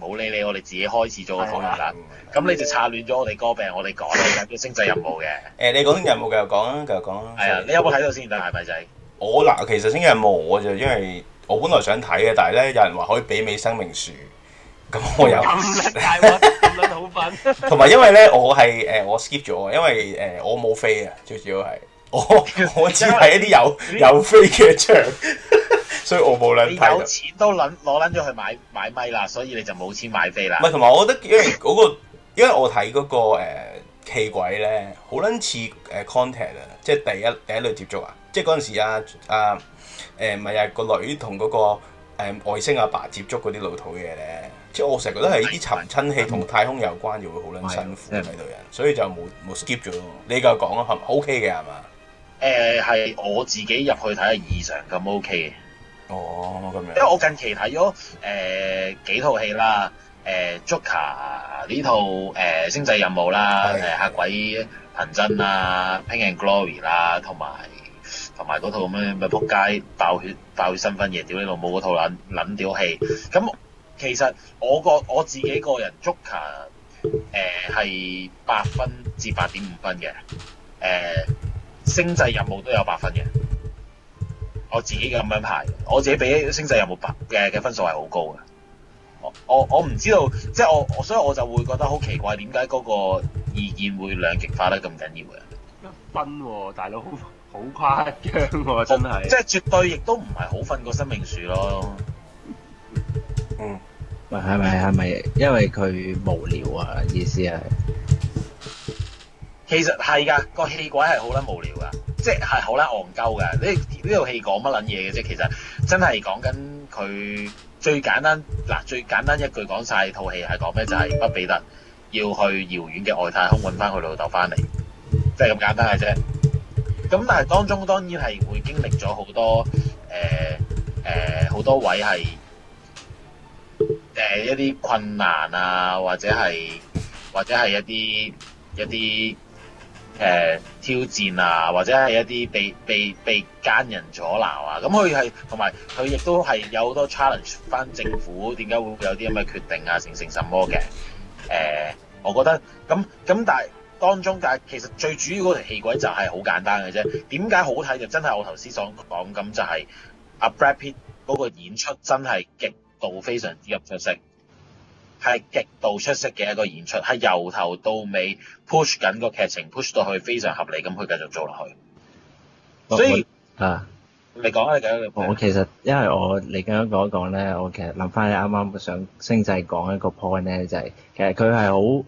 冇理你，我哋自己開始咗個討論啦。咁、啊、你就插亂咗我哋歌病， 我哋講啊，啲星際任務嘅。誒、呃，你講啲任務繼續講啊，繼續講啊。係啊，你有冇睇到先？大麥仔，我嗱，其實星際任務我就因為我本來想睇嘅，但係咧有人話可以媲美生命樹，咁我又咁叻，咁卵好笨。同埋因為咧、呃，我係誒我 skip 咗，因為誒、呃、我冇飛啊，最主要係。 我我只睇一啲有有飛嘅場，所以我冇撚睇。 你有錢都撚攞撚咗去買買咪啦，所以你就冇錢買飛啦。唔係同埋，我覺得因為嗰、那個、因為我睇嗰、那個誒、呃、鬼咧，好撚似誒 contact 啊，即係第一第一類接觸啊，即係嗰陣時啊啊誒，唔係、呃、啊個女同嗰、那個、呃、外星阿爸接觸嗰啲老土嘢咧，即係我成日都係呢啲尋親戲同太空有關，又、嗯、會好撚辛苦喺度人，嗯、所以就冇冇 skip 咗。你夠講啦，係咪 OK 嘅係嘛？誒係、呃、我自己入去睇係異常咁 OK 嘅，哦咁樣。因為我近期睇咗誒幾套戲啦，誒、呃《Joker》呢套誒《星際任務》啦，誒、哎《嚇、啊、鬼憑真》啦，《Pain and Glory》啦，同埋同埋嗰套咩咪仆街爆血爆血新婚夜屌你老母嗰套撚撚屌戲。咁其實我個我自己個人《Joker、呃》誒係八分至八點五分嘅，誒、呃。星際任務都有八分嘅，我自己咁樣排，我自己俾星際任務八嘅嘅分數係好高嘅。我我我唔知道，即係我我，所以我就會覺得好奇怪，點解嗰個意見會兩極化得咁緊要嘅。一分，哦，大佬好，好誇張喎，哦，真係，即係絕對亦都唔係好瞓過生命樹咯。嗯，咪係咪係咪？因為佢無聊啊，意思係。其實係噶，個戲鬼係好啦無聊噶，即係好啦戇鳩噶。戲呢呢套戲講乜撚嘢嘅啫？其實真係講緊佢最簡單嗱，最簡單一句講晒套戲係講咩？就係、是、畢彼特要去遙遠嘅外太空揾翻佢老豆翻嚟，即係咁簡單嘅啫。咁但係當中當然係會經歷咗好多誒誒好多位係誒、呃、一啲困難啊，或者係或者係一啲一啲。誒、呃、挑戰啊，或者係一啲被被被奸人阻撓啊，咁佢係同埋佢亦都係有好多 challenge 翻政府點解會有啲咁嘅決定啊，成成什麼嘅？誒、呃，我覺得咁咁、嗯嗯，但係當中但係其實最主要嗰條戲鬼就係好簡單嘅啫。點解好睇就真係我頭先所講咁就係、是、阿、啊、Brad Pitt 嗰個演出真係極度非常之入出色。係極度出色嘅一個演出，係由頭到尾 push 緊個劇情，push 到去非常合理咁，去繼續做落去。所以啊，你講啊，你講我其實因為我你咁樣講一講咧，我其實諗翻起啱啱想星仔講一個 point 咧，就係、是、其實佢係好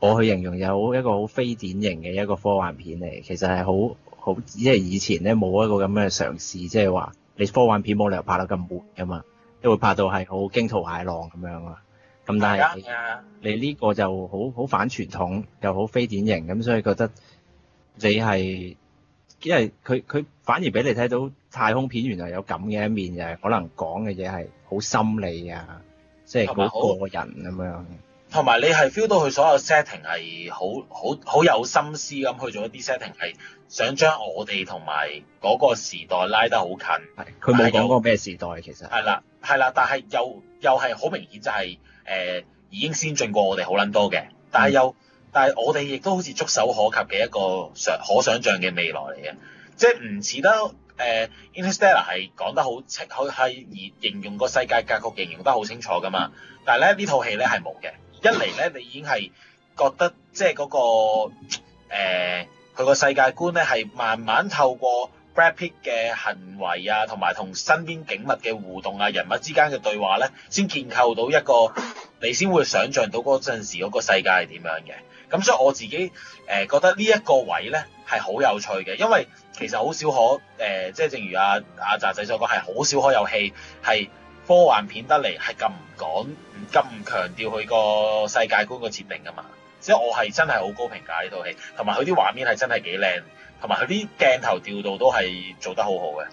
我去形容有一個好非典型嘅一個科幻片嚟。其實係好好即係以前咧冇一個咁嘅嘗試，即係話你科幻片冇理由拍得咁悶噶嘛，因為拍到係好驚濤駭浪咁樣啊。咁但係你呢個就好好反傳統又好非典型，咁所以覺得你係，因為佢佢反而俾你睇到太空片原來有咁嘅一面，就係可能講嘅嘢係好心理啊，即係好個人咁樣。同埋你係 feel 到佢所有 setting 係好好好有心思咁去做一啲 setting 係想將我哋同埋嗰個時代拉得好近。係，佢冇講過咩時代其實係啦係啦，但係又又係好明顯就係、是、誒、呃、已經先進過我哋好撚多嘅。但係又但係我哋亦都好似觸手可及嘅一個想可想像嘅未來嚟嘅，即係唔似得誒、呃、Interstellar 係講得好清，佢係而形容個世界格局形容得好清楚㗎嘛。但係咧呢套戲咧係冇嘅。一嚟咧，你已經係覺得即係嗰、那個佢個、呃、世界觀咧，係慢慢透過 Brad Pitt 嘅行為啊，同埋同身邊景物嘅互動啊，人物之間嘅對話咧，先建構到一個你先會想像到嗰陣時嗰個世界係點樣嘅。咁所以我自己誒、呃、覺得呢一個位咧係好有趣嘅，因為其實好少可誒、呃，即係正如、啊、阿阿澤仔所講，係好少可有戲係科幻片得嚟係咁唔講。咁強調佢個世界觀個設定㗎嘛，即係我係真係好高評價呢套戲，同埋佢啲畫面係真係幾靚，同埋佢啲鏡頭調度都係做得好好嘅。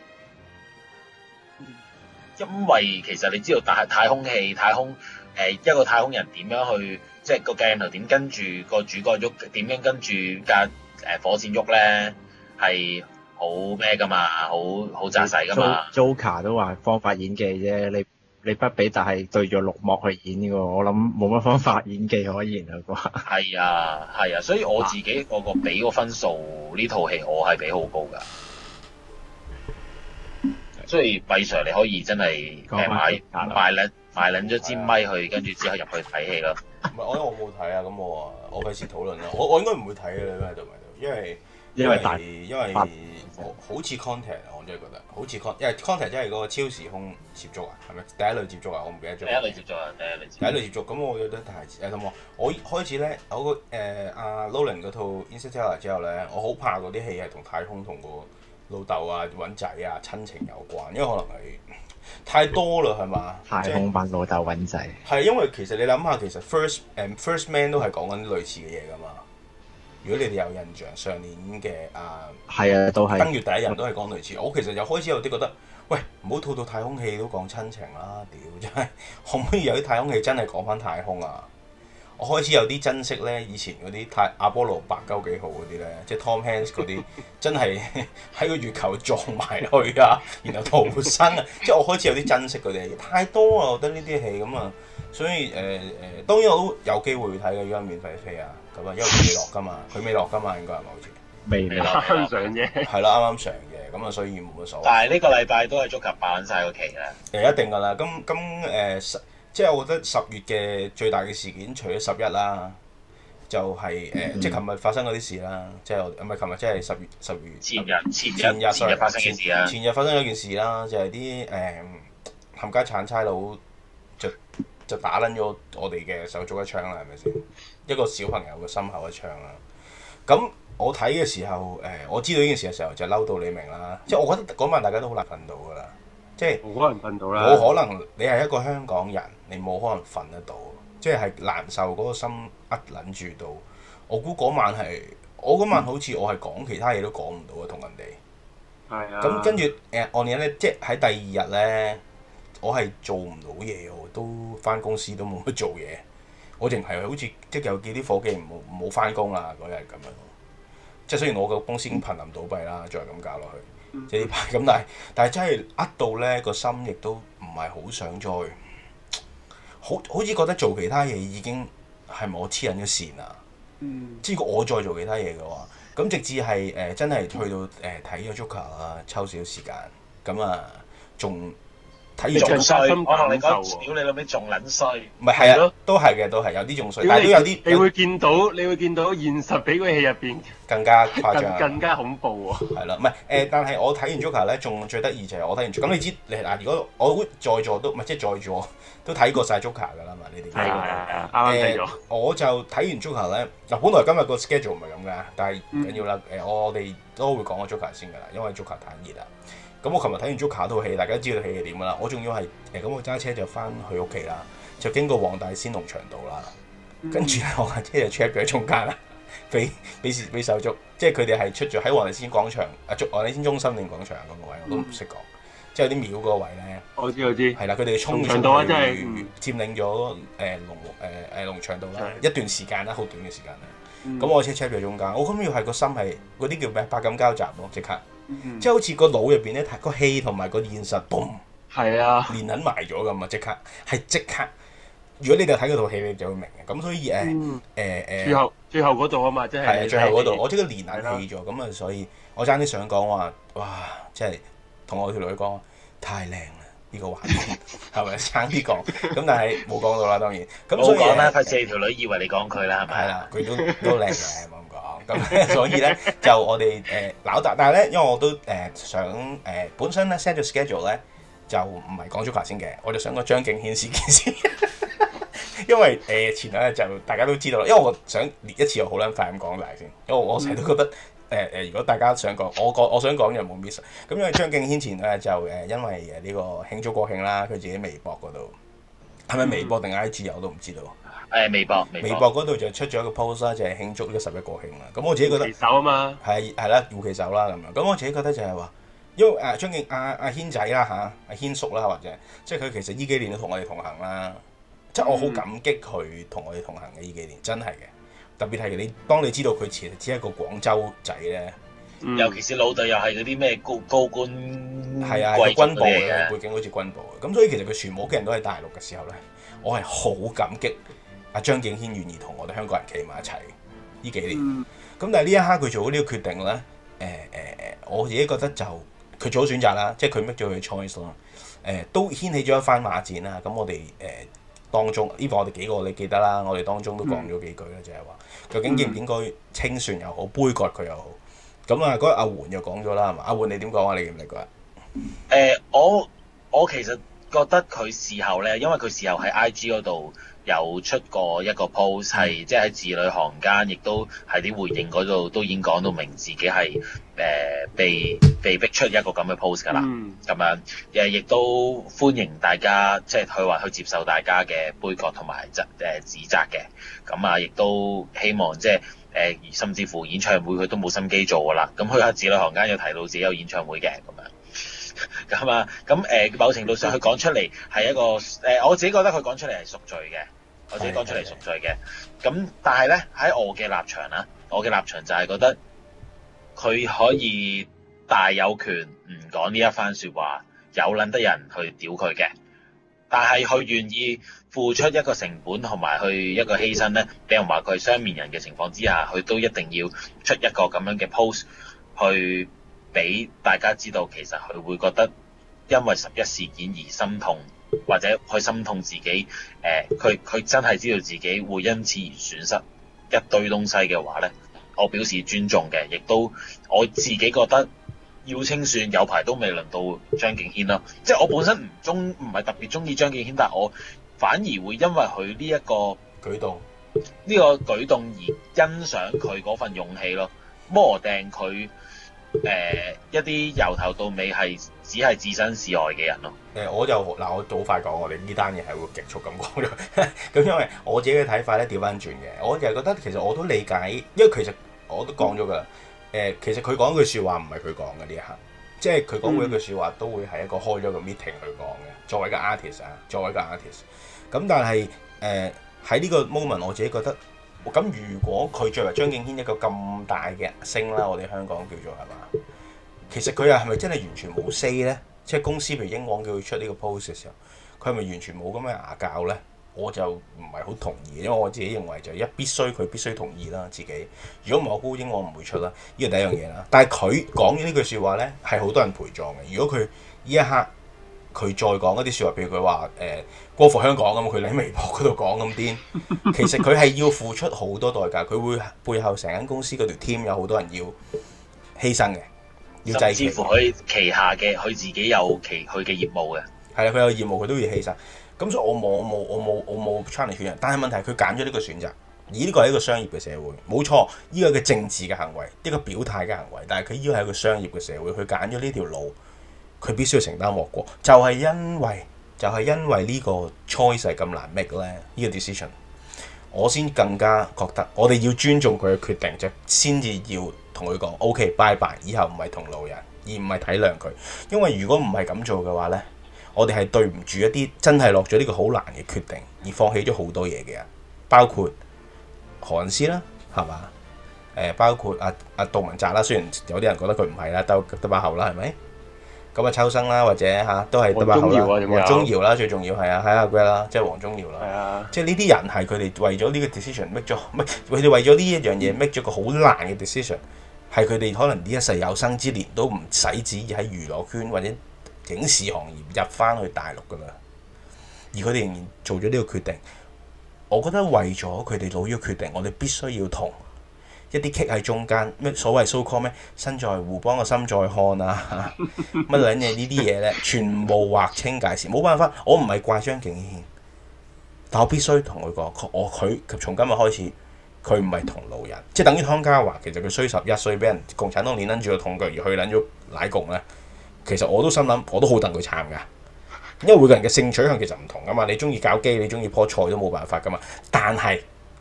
因為其實你知道太空太空戲太空誒一個太空人點樣去，即係個鏡頭點跟住個主角喐，點樣跟住架誒火箭喐咧，係好咩㗎嘛，好好紮實㗎嘛。Joker 都話方法演技啫，你。你不比，但係對着綠幕去演嘅喎，我諗冇乜方法演技可言啊啩。係啊，係啊，所以我自己我個個俾個分數呢套戲，我係俾好高噶。所以 B Sir 你可以真係買買領買領咗支咪去，跟住、啊、之後入去睇戲咯。唔係、啊，我咧我冇睇啊。咁我啊，我費事討論啦。我我應該唔會睇嘅，你喺度喺度？因為因為大因為好好似 contact 好，即係覺得好似 Contact，因為 Contact 真係個超時空接觸啊，係咪第一類接觸啊？我唔記得咗。第一類接觸啊，第一類接觸、啊。第一類接觸咁，我覺得係誒同我我開始咧，我誒、那、阿、個呃啊、Nolan 嗰套 Interstellar 之後咧，我好怕嗰啲戲係同太空同個老豆啊揾仔啊親情有關，因為可能係太多啦，係嘛？太空版老豆揾仔係因為其實你諗下，其實 First a、um, First Man 都係講緊類似嘅嘢㗎嘛。如果你哋有印象，上年嘅啊，係啊，都係登月第一日都係講類似。我其實就開始有啲覺得，喂，唔好套到太空戲都講親情啦，屌真係，可唔可以有啲太空戲真係講翻太空啊？我開始有啲珍惜咧，以前嗰啲太阿波羅白鳩幾號嗰啲咧，即係 Tom Hanks 嗰啲， 真係喺個月球撞埋去啊，然後逃生啊，即係我開始有啲珍惜嗰啲。太多啊，我覺得呢啲戲咁啊。所以誒誒、呃，當然我都有機會去睇嘅，依家免費飛啊，咁啊，因為未落㗎嘛，佢未落㗎嘛，應該係咪好似？未啱上嘅，係啦，啱啱上嘅，咁啊，所以冇乜所謂。但係呢個禮拜都係足夾版晒個期啦。誒、嗯，一定㗎啦，咁咁誒十，即係我覺得十月嘅最大嘅事件，除咗十一啦，就係、是、誒，呃、嗯嗯即係琴日發生嗰啲事啦，即係唔係琴日，即係十月十月前日前日發生嘅事前、前日發生咗件事啦，就係啲誒冚家鏟差佬。就打撚咗我哋嘅手足一槍啦，係咪先？一個小朋友嘅心口一槍啊！咁我睇嘅時候，誒、哎、我知道呢件事嘅時候就嬲到你明啦。即係我覺得嗰晚大家都好難瞓到㗎啦。即係冇可能瞓到啦。冇可能，你係一個香港人，你冇可能瞓得到。即係難受，嗰個心握撚住到。我估嗰晚係，我嗰晚好似我係講其他嘢都講唔到啊，同人哋。係啊、嗯。咁跟住誒，我哋咧，即係喺第二日咧。我係做唔到嘢，我都翻公司都冇乜做嘢，我淨係好似即有見啲夥計唔好翻工啦嗰日咁樣，即雖然我個公司已經瀕臨倒閉啦，再咁搞落去，即呢排咁，但係但係真係呃到咧，個心亦都唔係好想再好好似覺得做其他嘢已經係我黐緊嘅線啊，即如果我再做其他嘢嘅話，咁直至係誒、呃、真係去到誒睇咗 Joker 啊，抽少時間咁啊，仲～睇完仲衰，我同你講，屌你老味仲撚衰。唔係係啊，都係嘅，都係有啲仲衰，如果 但係都有啲。你會見到，你會見到現實比佢戲入邊更加誇張，更加恐怖喎、哦。 係啦，唔係誒，但係我睇完 Joker 咧，仲最得意就係我睇完咁，你知你嗱，如果我在座都唔係即係在座都睇過曬 Joker 噶啦嘛，你哋係係係啱啱我就睇完 Joker 咧嗱，本來今日個 schedule 唔係咁嘅，但係唔緊要啦。誒、嗯 啊，我哋都會講個 Joker 先噶啦，因為 Joker 太熱啦。咁我琴日睇完《Joker》套戲，大家知道套戲係點㗎啦？我仲要係誒咁，欸、我揸車就翻去屋企啦，就經過黃大仙龍翔道啦，嗯、跟住我架車就 check 咗喺中間啦，俾俾事俾手足，即係佢哋係出咗喺黃大仙廣場、啊黃大仙中心定廣場嗰個位，我都唔識講，嗯、即係有啲廟嗰個位咧。我知我知。係啦，佢哋沖咗入去場道、啊、佔領咗誒、呃呃呃呃呃、龍誒誒龍翔道啦，嗯、一段時間啦，好短嘅時間啦。咁、嗯嗯、我車 check 咗喺中間，我咁要係、那個心係嗰啲叫咩？百感交集咯，即刻。嗯、即係好似個腦入邊咧，個戲同埋個現實，boom，係啊，連捻埋咗咁啊，即刻係即刻。如果你哋睇嗰套戲，你就會明嘅。咁所以誒誒誒，最後、啊、最後嗰度啊嘛，即係最後嗰度，我即刻連捻起咗，咁啊，所以我爭啲想講話，哇，即係同我條女講，太靚啦呢個畫面係咪？爭啲講，咁 但係冇講到啦，當然。我講啦，佢四條女以為你講佢啦，係啦，佢都都靚嘅，係咁 所以咧就我哋誒攋達，但係咧因為我都誒、呃、想誒、呃、本身咧 set 咗 schedule 咧就唔係講 Joker 先嘅，我就想講張敬軒事件先， 因為誒、呃、前兩日就大家都知道啦，因為我想列一次我好撚快咁講曬先，因為我成日都覺得誒誒、呃，如果大家想講我講，我想講又冇 miss 咁，因為張敬軒前兩日就誒因為誒呢個慶祝國慶啦，佢自己微博嗰度係咪微博定 I G 啊？我都唔知道。誒微博，微博嗰度就出咗一個 post 啦，就係、是、慶祝呢個十一國慶啦。咁我自己覺得旗手啊嘛，係係啦，護旗手啦咁樣。咁我自己覺得就係話，因為誒張敬阿阿軒仔啦嚇，阿、啊、軒叔啦或者，即係佢其實呢幾年都同我哋同行啦。即係我好感激佢同我哋同行嘅呢幾年，真係嘅。特別係你當你知道佢其實只係一個廣州仔咧，嗯、尤其是老豆又係嗰啲咩高高官，係啊，個軍部嘅背景好似軍部嘅。咁所以其實佢全部屋企人都喺大陸嘅時候咧，我係好感激。阿張敬軒願意同我哋香港人企埋一齊，呢幾年，咁但係呢一刻佢做好呢個決定咧，誒、呃、誒、呃、我自己覺得就佢做好選擇啦，即係佢 make 咗佢嘅 choice 咯，誒、呃、都掀起咗一番罵戰啦，咁、啊、我哋誒、呃、當中呢個我哋幾個你記得啦，我哋當中都講咗幾句咧，嗯、就係話究竟應唔應該清算又好，杯葛佢又好，咁啊嗰日阿緩又講咗啦，係、啊、嘛？阿緩你點講啊？你唔理佢？誒、呃、我我其實。覺得佢事後咧，因為佢事後喺 IG 嗰度有出過一個 post，係即係喺字裏行間，亦都喺啲回應嗰度都已經講到明自己係誒、呃、被被逼出一個咁嘅 post 噶啦。咁、嗯、樣誒，亦都歡迎大家即係佢話去接受大家嘅杯葛同埋誒指責嘅。咁啊，亦都希望即係誒，甚至乎演唱會佢都冇心機做噶啦。咁佢喺字裏行間又提到自己有演唱會嘅咁樣。咁啊，咁誒、嗯呃，某程度上佢講出嚟係一個誒、呃，我自己覺得佢講出嚟係贖罪嘅，我自己講出嚟贖罪嘅。咁但係呢，喺我嘅立場啊，我嘅立場就係覺得佢可以大有權唔講呢一番說話，有捻得人去屌佢嘅。但係佢願意付出一個成本同埋去一個犧牲呢，俾人話佢係雙面人嘅情況之下，佢都一定要出一個咁樣嘅 post 去。俾大家知道，其實佢會覺得因為十一事件而心痛，或者佢心痛自己，誒、呃，佢佢真係知道自己會因此而損失一堆東西嘅話，呢我表示尊重嘅，亦都我自己覺得要清算有排都未輪到張敬軒咯。即係我本身唔中，唔係特別中意張敬軒，但係我反而會因為佢呢一個舉動，呢個舉動而欣賞佢嗰份勇氣咯。摩掟佢。誒、呃，一啲由頭到尾係只係置身事外嘅人咯。誒、呃，我就，嗱、呃，我早快講我哋呢單嘢係會極速咁講咗咁，因為我自己嘅睇法咧，調翻轉嘅，我就係覺得其實我都理解，因為其實我都講咗噶。誒、呃，其實佢講句說話唔係佢講嘅呢一刻，即係佢講每一句說話、嗯、都會係一個開咗個 meeting 去講嘅。作為一個 artist 啊，作為一個 artist，咁但係誒喺呢個 moment，我自己覺得。咁如果佢作為張敬軒一個咁大嘅星啦，我哋香港叫做係嘛？其實佢又係咪真係完全冇 say 咧？即係公司譬如英皇叫佢出呢個 post 嘅時候，佢係咪完全冇咁嘅牙教咧？我就唔係好同意，因為我自己認為就一必須佢必，必須同意啦。自己如果唔係我估英皇唔會出啦，呢個第一樣嘢啦。但係佢講嘅呢句説話咧，係好多人陪葬嘅。如果佢呢一刻。佢再講一啲説話，譬如佢話誒過負香港咁，佢喺微博嗰度講咁癲。其實佢係要付出好多代價，佢會背後成間公司嗰條 team 有好多人要犧牲嘅，要制。甚至乎佢旗下嘅佢自己有其佢嘅業務嘅。係啊，佢有業務，佢都要犧牲。咁所以我，我冇，我冇，我冇，我冇 training 佢。但係問題係，佢揀咗呢個選擇。而呢個係一個商業嘅社會，冇錯。依個係一個政治嘅行為，一個表態嘅行為。但係佢依個係一個商業嘅社會，佢揀咗呢條路。佢必須要承擔惡果，就係、是、因為就係、是、因為呢個 choice 係咁難 make 咧，呢、這個 decision，我先更加覺得我哋要尊重佢嘅決定就是、先至要同佢講 OK 拜拜，以後唔係同路人，而唔係體諒佢。因為如果唔係咁做嘅話呢，我哋係對唔住一啲真係落咗呢個好難嘅決定而放棄咗好多嘢嘅人，包括何韻詩啦，係嘛？誒，包括阿、啊、阿、啊、杜汶澤啦，雖然有啲人覺得佢唔係啦，都都，得把口啦，係咪？咁啊秋生啦，或者吓都係王宗堯啦，最重要係啊 Hi I'm Greg 啦，啊啊啊啊啊啊、即係王宗堯啦，即係呢啲人係佢哋為咗呢個 decision make 咗，唔係佢哋為咗呢一樣嘢 make 咗個好爛嘅 decision，係佢哋可能呢一世有生之年都唔使旨意喺娛樂圈或者影視行業入翻去大陸噶啦，而佢哋仍然做咗呢個決定，我覺得為咗佢哋做咗呢個決定，我哋必須要同。一啲棘喺中間，咩所謂蘇聰，咩身在胡邦個心在漢啊，乜撚嘢呢啲嘢咧，全部劃清界線。冇辦法，我唔係怪張敬軒，但我必須同佢講我佢從今日開始佢唔係同路人。即係等於湯家驊其實佢衰十一衰俾人共產黨黏撚住個痛腳而去撚咗奶共咧，其實我都心諗我都好戥佢慘噶，因為每個人嘅性取向其實唔同噶嘛，你中意搞基，你中意棵菜都冇辦法噶嘛，但係。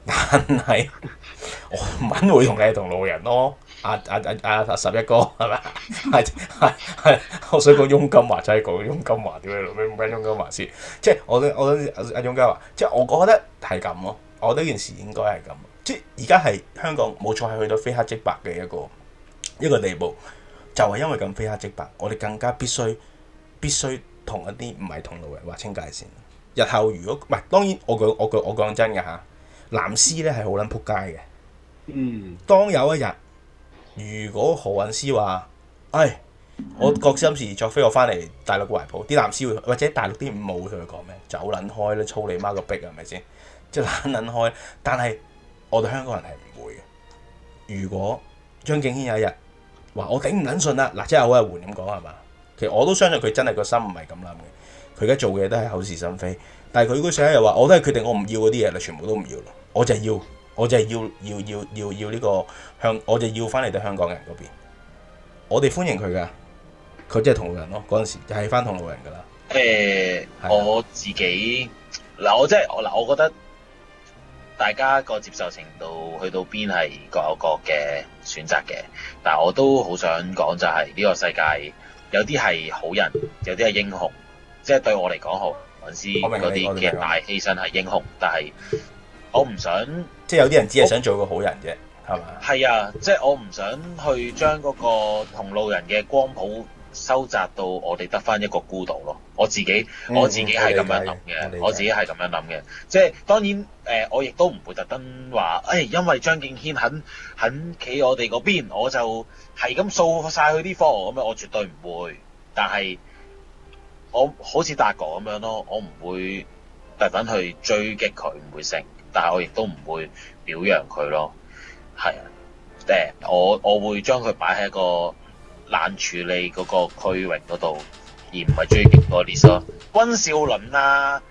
但係我唔肯會同你同路人咯，啊，阿阿阿阿十一哥係咪？係係係，我想講翁金，金，金華，即係講翁金華點樣？你唔講翁金華先，即係我我阿阿翁金華，即係我覺得係咁咯。我覺得件事應該係咁，即係而家係香港冇錯係去到非黑即白嘅一個一個地步，就係，是，因為咁非黑即白，我哋更加必須必須同一啲唔係同路人劃清界線。日後如果唔係當然，我講我講我講真嘅嚇。南斯咧係好撚仆街嘅。嗯。當有一日，如果何韻詩話：唉、哎，我國心有時再飛我翻嚟大陸懷抱，啲南斯會或者大陸啲武會同佢講咩？走撚開啦，操你媽個逼啊，係咪先？即係懶撚開。但係我哋香港人係唔會嘅。如果張敬軒有一日話：我頂唔撚順啦，嗱，即係好一換咁講係嘛？其實我都相信佢真係個心唔係咁諗嘅。佢而家做嘅嘢都係口是心非，但係佢如果上一日話，我都係決定我唔要嗰啲嘢啦，全部都唔要啦，我就係要，我就係要，要，要，要，這個，要呢個香，我就要翻嚟對香港人嗰邊，我哋歡迎佢噶，佢即係同路人咯，嗰陣時就係翻同路人噶啦。誒、欸，我自己嗱，我即係嗱，我覺得大家個接受程度去到邊係各有各嘅選擇嘅，但係我都好想講就係呢個世界有啲係好人，有啲係英雄。即係對我嚟講，好勳師嗰啲嘅大犧牲係英雄，但係我唔想，即係有啲人只係想做個好人啫，係嘛我？係吧啊，即、就、係、是、我唔想去將嗰個同路人嘅光譜收窄到，我哋得翻一個孤島咯。我自己、嗯、我自己係咁樣諗嘅，我，我，我自己係咁樣諗嘅。即係當然誒、呃，我亦都唔會特登話，誒、哎，因為張敬軒肯肯企我哋嗰邊，我就係咁掃晒佢啲貨咁樣，我絕對唔會。但係。我好似達哥咁樣咯，我唔會特登去追擊佢，唔會成，但係我亦都唔會表揚佢咯，係，誒，我我會將佢擺喺一個冷處理嗰個區域嗰度，而唔係追擊嗰啲咯。溫兆倫啊，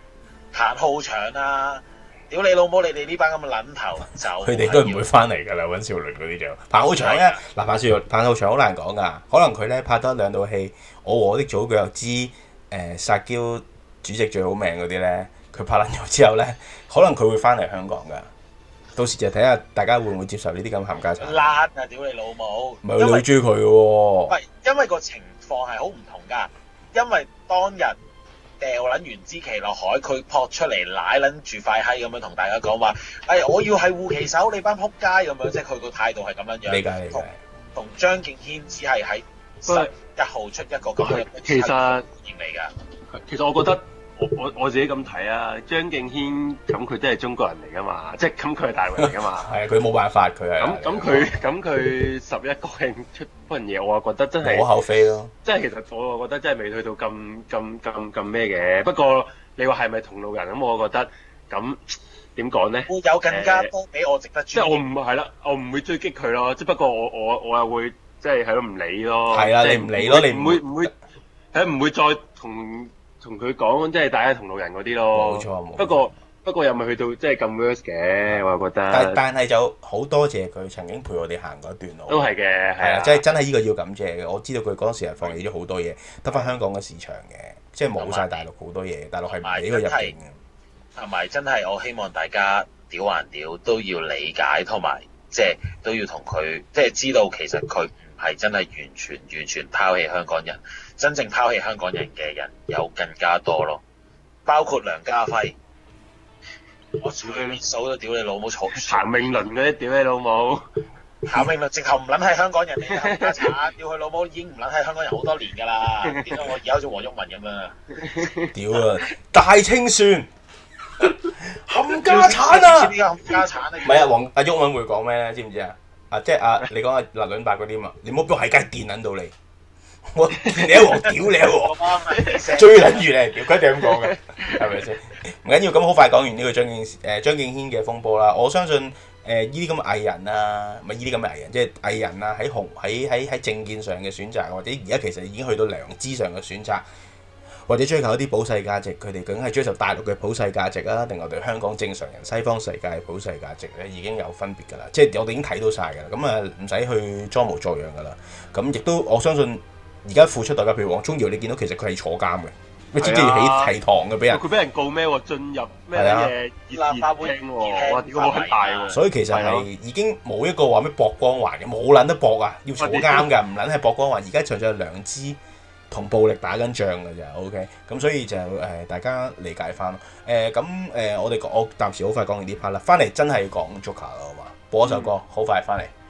彭浩翔啊，屌你老母！你哋呢班咁嘅撚頭就，佢哋都唔會翻嚟噶啦。溫兆倫嗰啲就，彭浩翔啊，嗱，彭少，彭浩翔好難講噶，可能佢咧拍多兩套戲，我和我的祖又知。誒撒、呃、嬌主席最好命嗰啲咧，佢拍爛咗之後咧，可能佢會翻嚟香港噶。到時就睇下大家會唔會接受呢啲咁嘅冚家鏟。爛啊！屌你老母！唔會為為追佢嘅喎。因為個情況係好唔同噶。因為當日掉撚完支旗落海，佢撲出嚟奶撚住塊閪咁樣同大家講話，誒、哎，我要係護旗手，你班撲街咁樣。即係佢個態度係咁樣樣。理解理解。同張敬軒只係喺。十日後出一個國慶，其實意味㗎。其實我覺得，我我我自己咁睇啊，張敬軒咁佢都係中國人嚟㗎嘛，即係咁佢係大陸人嚟㗎嘛。係佢冇辦法，佢係。咁咁佢咁佢十一國慶出份嘢，我覺得真係無可厚非咯。即係其實我覺得真係未去到咁咁咁咁咩嘅。不過你話係咪同路人咁，我覺得咁點講咧？呢會有更加多畀我值得追擊。即係我唔係啦，我唔會追擊佢咯。即不過我我我又會。即係係咯，唔理咯，係啊，你唔理咯，你唔會唔會，係唔會再同同佢講，即係大家同路人嗰啲咯。冇錯，不過不過又咪去到即係咁 worse 嘅，我覺得。但但係就好多謝佢曾經陪我哋行過一段路。都係嘅，係啊，即係真係呢個要感謝嘅。我知道佢嗰陣時係放棄咗好多嘢，得翻香港嘅市場嘅，即係冇晒大陸好多嘢，大陸係唔俾佢入境。同埋真係我希望大家屌還屌都要理解，同埋即係都要同佢即係知道其實佢。係真係完全完全拋棄香港人，真正拋棄香港人嘅人有更加多咯，包括梁家輝。我數你數都屌你老母，譚詠麟嗰啲屌你老母，譚詠麟直頭唔捻係香港人，你冚家鏟，屌佢老母已經唔捻係香港人好多年噶啦，點解我而家好似黃郁文咁啊？屌啊！大清算，冚 家鏟啊！冚家鏟啊！唔係啊，黃阿郁文會講咩？知唔知啊？啊，即、就、係、是、啊， 你講啊，立兩百嗰啲嘛，你冇咁喺街電捻到你，你一黃屌你一黃，追捻住嚟，屌規就咁講嘅，係咪先？唔緊要，咁好快講完呢個張敬，誒，張敬軒嘅風波啦。我相信，誒、呃，呢啲咁嘅藝人啊，唔係呢啲咁嘅藝人，即係藝人啊，喺紅喺喺喺政見上嘅選擇，或者而家其實已經去到良知上嘅選擇。或者追求一啲普世價值，佢哋梗係追求大陸嘅普世價值啦，定係我哋香港正常人西方世界嘅普世價值咧，已經有分別噶啦。即係我哋已經睇到晒噶啦，咁啊唔使去裝模作樣噶啦。咁亦都我相信而家付出代價，譬如黃宗耀，你見到其實佢係坐監嘅，咪自己起提堂嘅，俾人佢俾人告咩？進入咩嘢熱辣，所以其實係已經冇一個話咩博光環嘅，冇撚得博啊，要坐監噶，唔撚係博光環。而家仲在兩支。同暴力打緊仗㗎咋，OK？咁所以就誒大家理解翻咯，咁、呃、誒、呃、我哋我暫時快講好快講完呢 part 啦，翻嚟真係要講 Joker 好嘛，播一首歌，好、嗯、快翻嚟。